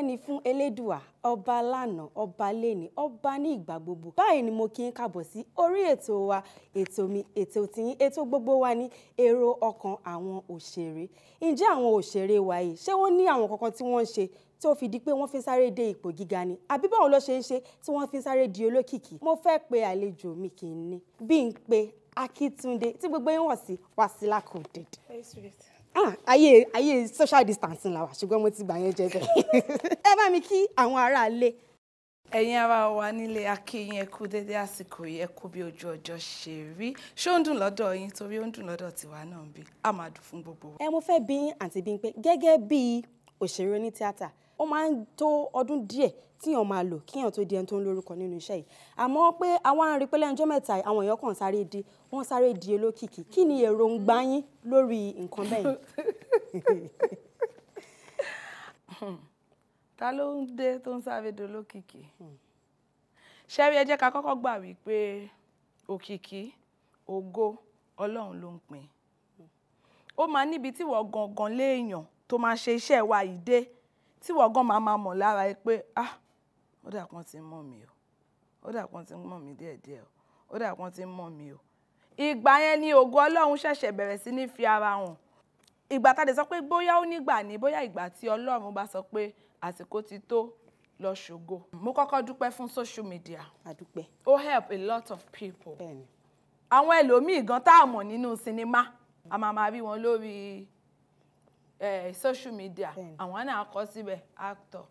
ọpẹ́ ni fún elédùà ọba lánàá ọba lẹ́ni ọba ní ìgbà gbogbo báyìí ni mo kí ń kàbọ̀ sí orí ètò wa ètò mi ètò tìyín ètò gbogbo wa ní èrò ọkàn àwọn òṣèré ǹjẹ́ àwọn òṣèré wa yìí ṣé wọ́n ní àwọn kankan tí wọ́n ń ṣe tí ó fi di pé wọ́n fi sáré dé ipò gíga ni àbí báwo ló ṣe ń ṣe tí wọ́n fi sáré di olókìkí mo fẹ́ pe àlejò mi kì í ní bí n pe Akíntúndé tí gbogbo yín wọ̀ sí Wasila Coded. Hey, Ah, ayé ayé social distancing la wa ṣùgbọ́n mo ti gbà yẹn jẹjẹ ẹ bá mi kí àwọn ará ilé. ẹ̀yin ará wa nílé akíyín ẹ kú dédé àsìkò yìí ẹ kú bí ojú ọjọ́ ṣe rí ṣé ó ń dùn lọ́dọ̀ yín torí ó ń dùn lọ́dọ̀ tiwa náà bí a máa dùn fún gbogbo ẹ mo fẹ́ bí àǹtí bí pé gẹ́gẹ́ bí òṣèré oní ó máa ń tó ọdún díẹ̀ tíyàn máa lò kíyàn tó di ẹni tó ń lórúkọ nínú iṣẹ́ yìí àmọ́ pé àwọn arin pé lẹ́nu ọjọ́ mẹ́ta àwọn èèyàn kan sáré di wọ́n sáré di olókìkí kí ni èròǹgbà yín lórí nǹkan bẹ́ẹ̀ yìí. ta ló ń dé tó ń sáré di olókìkí ṣẹ́rí ẹ jẹ́ ká kọ́kọ́ gbà wípé òkìkí ògo ọlọ́run ló ń pín ó máa níbi tí wọ́n gangan léèyàn tó máa ṣe iṣẹ́ wa yìí dé tí wọ́n gan máa máa mọ̀ lára ẹ pé ah ó dà kan ti mọ̀ mí o ó dà kan ti mọ̀ mí díẹ̀díẹ̀ o ó dà kan ti mọ̀ mí o ìgbà yẹn ni ògo ọlọ́run ṣẹ̀ṣẹ̀ bẹ̀rẹ̀ sí ní fi ara hàn ìgbà tá a lè sọ pé bóyá ó nígbà ni bóyá ìgbà tí ọlọ́run bá sọ pé àsìkò ti tó lọ ṣògo mo kọ́kọ́ dúpẹ́ fún social media adúpẹ́ ó help a lot of people àwọn ẹlòmíì gan tá a mọ̀ nínú sinimá a máa máa rí wọn lórí Eh, social media àwọn náà kọ síbẹ̀ actor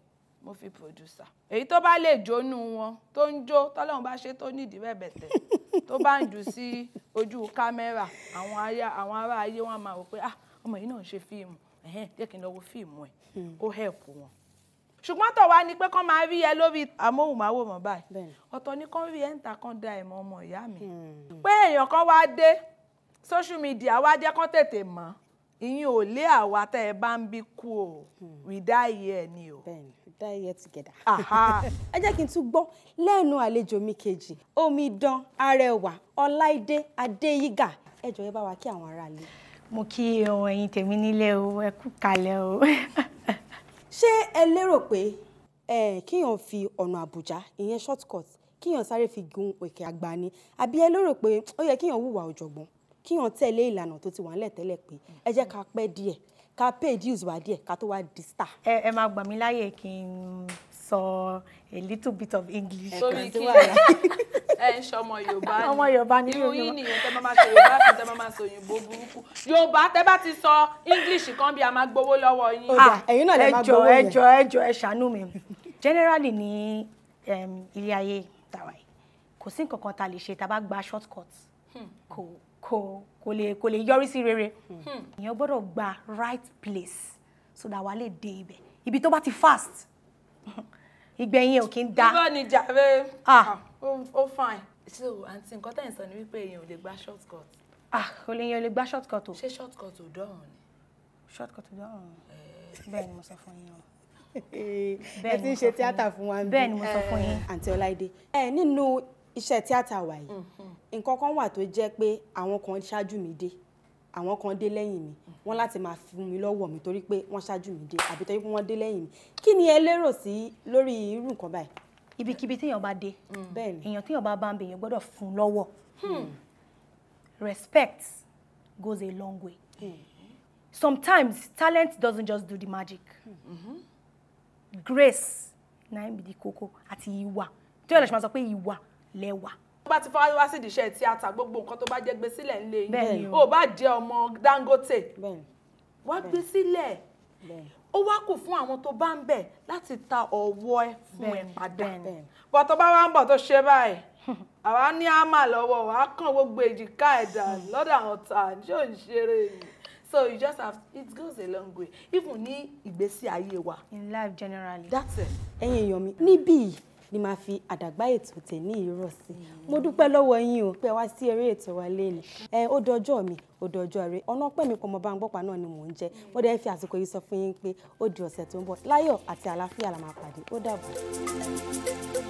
mo fi producer èyí tó bá lè jónú wọn tó ń jó tọ́lọ́run bá ṣe tó nídìí bẹ̀bẹ̀tẹ̀ tó bá ń jù sí ojú kámẹ́rà àwọn ará ayé wọn máa wò pé ah ọmọ yìí náà ń ṣe fíìmù ẹ̀hẹ́n jẹ́ kí n lọ wo fíìmù ẹ̀ hmm. ó help wọn. ṣùgbọ́n tọ̀wá ni pé kán máa rí ẹ lórí amóhùnmáwòrán báyìí ọ̀tọ̀ ni kán rí ẹ ń ta kán da ẹ̀mọ ọmọ ìyá mi hmm. pé èèyàn kan wá dé social media wá jẹ́ kán tètè mọ̀ ìyẹn ò lé àwa tẹ́ ẹ bá ń bí kú o hmm. we die here ni o. bẹ́ẹ̀ni we die here together. ẹ jẹ́ kí n tún gbọ́ lẹ́nu àlejò mi kejì omidan arẹwà ọláìdé adéyígà ẹ jọ̀ọ́ ẹ bá wa kí àwọn aráalé. mo kí ohun ẹ̀yin tèmi nílé o ẹ kú kalẹ̀ o. ṣé ẹ lérò pé kíyàn fi ọ̀nà àbújá ìyẹn short cut kíyàn sáré fi gun òkè àgbà ni àbí ẹ lérò pé ó yẹ kíyàn hùwà ọ̀jọ̀gbọ́n kíyàn tẹ̀lé ìlànà tó ti wà ńlẹ̀ tẹ́lẹ̀ pé ẹ jẹ́ ká pẹ́ díẹ̀ ká pay dues wá díẹ̀ ká tó wá di star. ẹ ẹ máa gbà mí láyè kí n sọ a little bit of English. sórí kí ẹ ń ṣọmọ yorùbá ni ọmọ yorùbá ni irú yín nìyẹn tẹ bá máa sọ yorùbá àti tẹ bá máa sọ òyìnbó burúkú yorùbá tẹ bá ti sọ English kan bí a máa gbowó lọ́wọ́ yín. ẹ̀yin náà lè ẹ ṣàánú mi generally ní ilé ayé tàwa yìí kò sí nǹkan kan tá lè ṣe tá bá gba short cut hmm. kò kò kò lè kò lè yọrí sí rere hmm. Hmm. èèyàn gbọ́dọ̀ gba right place so that wàá lè dé ibẹ̀ ibi tó bá ti fast ìgbẹ̀yìn ò kí ń da. bíbá ni jàre ah. Ah, ó fine. so àǹtí nǹkan tẹ̀ ń sọ ni wípé èèyàn ò lè gba short cut. ah o lè yan ò lè gba short cut o. ṣé short cut ò dọ̀rùn ni. short cut ò dọ̀rùn eh. bẹ́ẹ̀ ni mo sọ fún yín o ẹ ti ń ṣe tíátà fún wa bẹ́ẹ̀ ni mo sọ fún yín. Eh. àǹtí ọláìdé ẹ nínú iṣẹ́ tíátà wa yìí hmm, nǹkan kan wà tó jẹ́ pé àwọn kan ṣáájú mi dé àwọn kan dé lẹ́yìn mi wọ́n láti máa fún mi lọ́wọ́ mi torí pé wọ́n ṣáájú mi dé àbí torí pé wọ́n dé lẹ́yìn mi kí ni ẹ lérò sí lórí irú nǹkan báyìí. ibikíbi téèyàn bá dé mm. èèyàn téèyàn bá bá ń bẹ èèyàn gbọ́dọ̀ fún lọ́wọ́ hmm. respect goes a long way hmm. sometimes talent doesn't just do the magic -hmm. grace na im be the koko àti ìwà tí yóò lè ṣe máa sọ pé ìwà lẹ́wà bá ti fọwọ́ wá sí ìdíṣẹ́ tíátà gbogbo nǹkan tó bá jẹ́ gbé sílẹ̀ ńlẹ̀ yìí ó bá jẹ́ ọmọ Dangote wá gbé sílẹ̀ ó wá kù fún àwọn tó bá ń bẹ̀ láti ta ọwọ́ ẹ fún ẹ padà bọ́ tó bá wá ń bọ̀ tó ṣe báyìí àwa ní àmà lọ́wọ́ wa kàn gbogbo èjìká ẹ̀dà lọ́dọ̀ àwọn ta ṣé ò ń ṣeré so you just have it goes a long way even ní ìgbésí ayé wa. in life generally. that's it. ẹ̀yin èèyàn mi níbí ni màá fi àdàgbà ètò tèmi ìrọ̀ sí mm. mo dúpẹ́ lọ́wọ́ yín o pé wá sí eré ètò wa lẹ́nu ẹ ó dọjọ́ mi ó dọjọ́ rẹ ọ̀nà pẹ́ mi kò mọ bá ń gbọ́pàá náà ni mò ń jẹ mo dẹ́ fi àsìkò yìí sọ fún yín pé ó di ọ̀sẹ̀ tó ń bọ̀ láyọ̀ àti àlàáfíà la máa pàdé ó dàbọ̀.